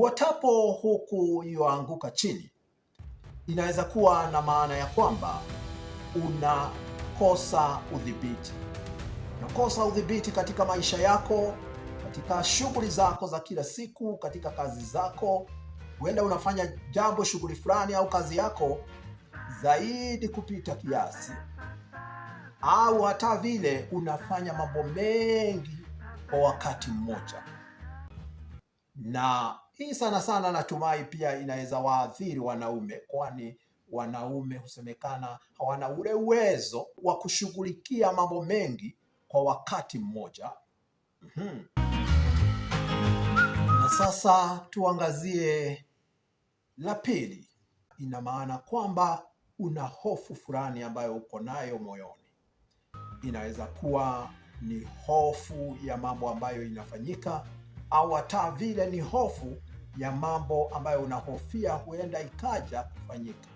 Uotapo huku yuanguka chini inaweza kuwa na maana ya kwamba unakosa udhibiti, unakosa udhibiti katika maisha yako, katika shughuli zako za kila siku, katika kazi zako. Huenda unafanya jambo, shughuli fulani au kazi yako zaidi kupita kiasi, au hata vile unafanya mambo mengi kwa wakati mmoja na hii sana sana natumai pia inaweza waathiri wanaume, kwani wanaume husemekana hawana ule uwezo wa kushughulikia mambo mengi kwa wakati mmoja. mm -hmm. Na sasa tuangazie la pili. Ina maana kwamba una hofu fulani ambayo uko nayo moyoni. Inaweza kuwa ni hofu ya mambo ambayo inafanyika au hata vile ni hofu ya mambo ambayo unahofia huenda ikaja kufanyika.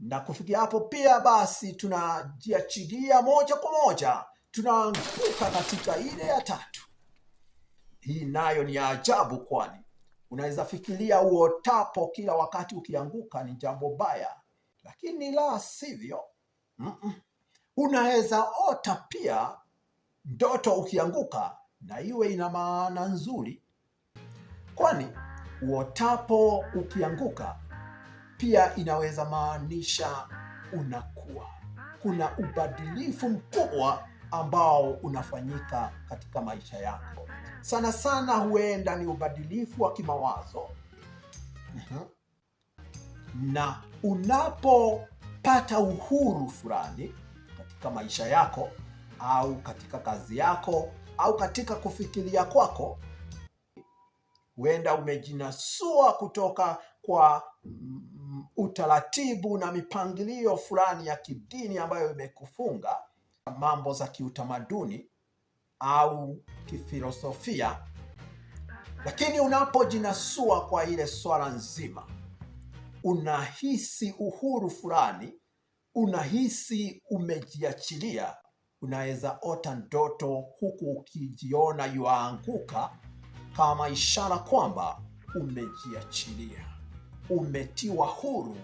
Na kufikia hapo pia basi, tunajiachilia moja kwa moja, tunaanguka katika ile ya tatu. Hii nayo ni ya ajabu, kwani unaweza fikiria uotapo kila wakati ukianguka ni jambo baya, lakini la sivyo. Mm -mm. Unaweza ota pia ndoto ukianguka na iwe ina maana nzuri, kwani uotapo ukianguka pia inaweza maanisha unakuwa. Kuna ubadilifu mkubwa ambao unafanyika katika maisha yako. Sana sana huenda ni ubadilifu wa kimawazo mhm. na unapopata uhuru fulani katika maisha yako au katika kazi yako au katika kufikiria kwako, huenda umejinasua kutoka kwa mm, utaratibu na mipangilio fulani ya kidini ambayo imekufunga, mambo za kiutamaduni au kifilosofia. Lakini unapojinasua kwa ile swala nzima, unahisi uhuru fulani, unahisi umejiachilia unaweza ota ndoto huku ukijiona yuaanguka kama ishara kwamba umejiachilia, umetiwa huru.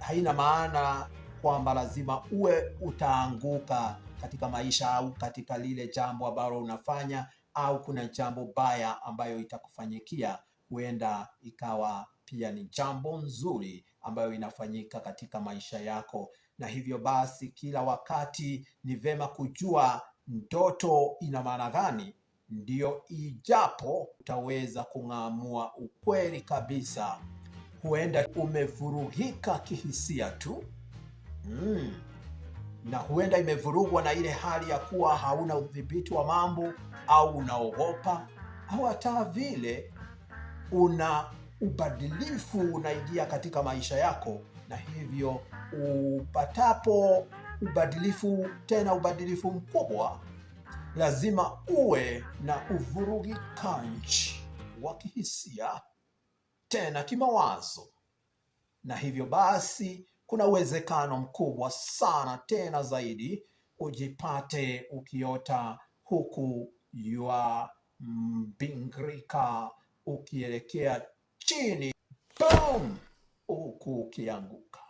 Haina maana kwamba lazima uwe utaanguka katika maisha au katika lile jambo ambalo unafanya au kuna jambo baya ambayo itakufanyikia. Huenda ikawa pia ni jambo nzuri ambayo inafanyika katika maisha yako na hivyo basi kila wakati ni vema kujua ndoto ina maana gani, ndiyo ijapo utaweza kung'amua ukweli kabisa. Huenda umevurugika kihisia tu mm. Na huenda imevurugwa na ile hali ya kuwa hauna udhibiti wa mambo, au unaogopa, au hata vile una ubadilifu unaingia katika maisha yako, na hivyo upatapo ubadilifu, tena ubadilifu mkubwa, lazima uwe na uvurugikaji wa kihisia, tena kimawazo, na hivyo basi kuna uwezekano mkubwa sana tena zaidi ujipate ukiota huku yua mbingrika ukielekea chini, boom, huku ukianguka.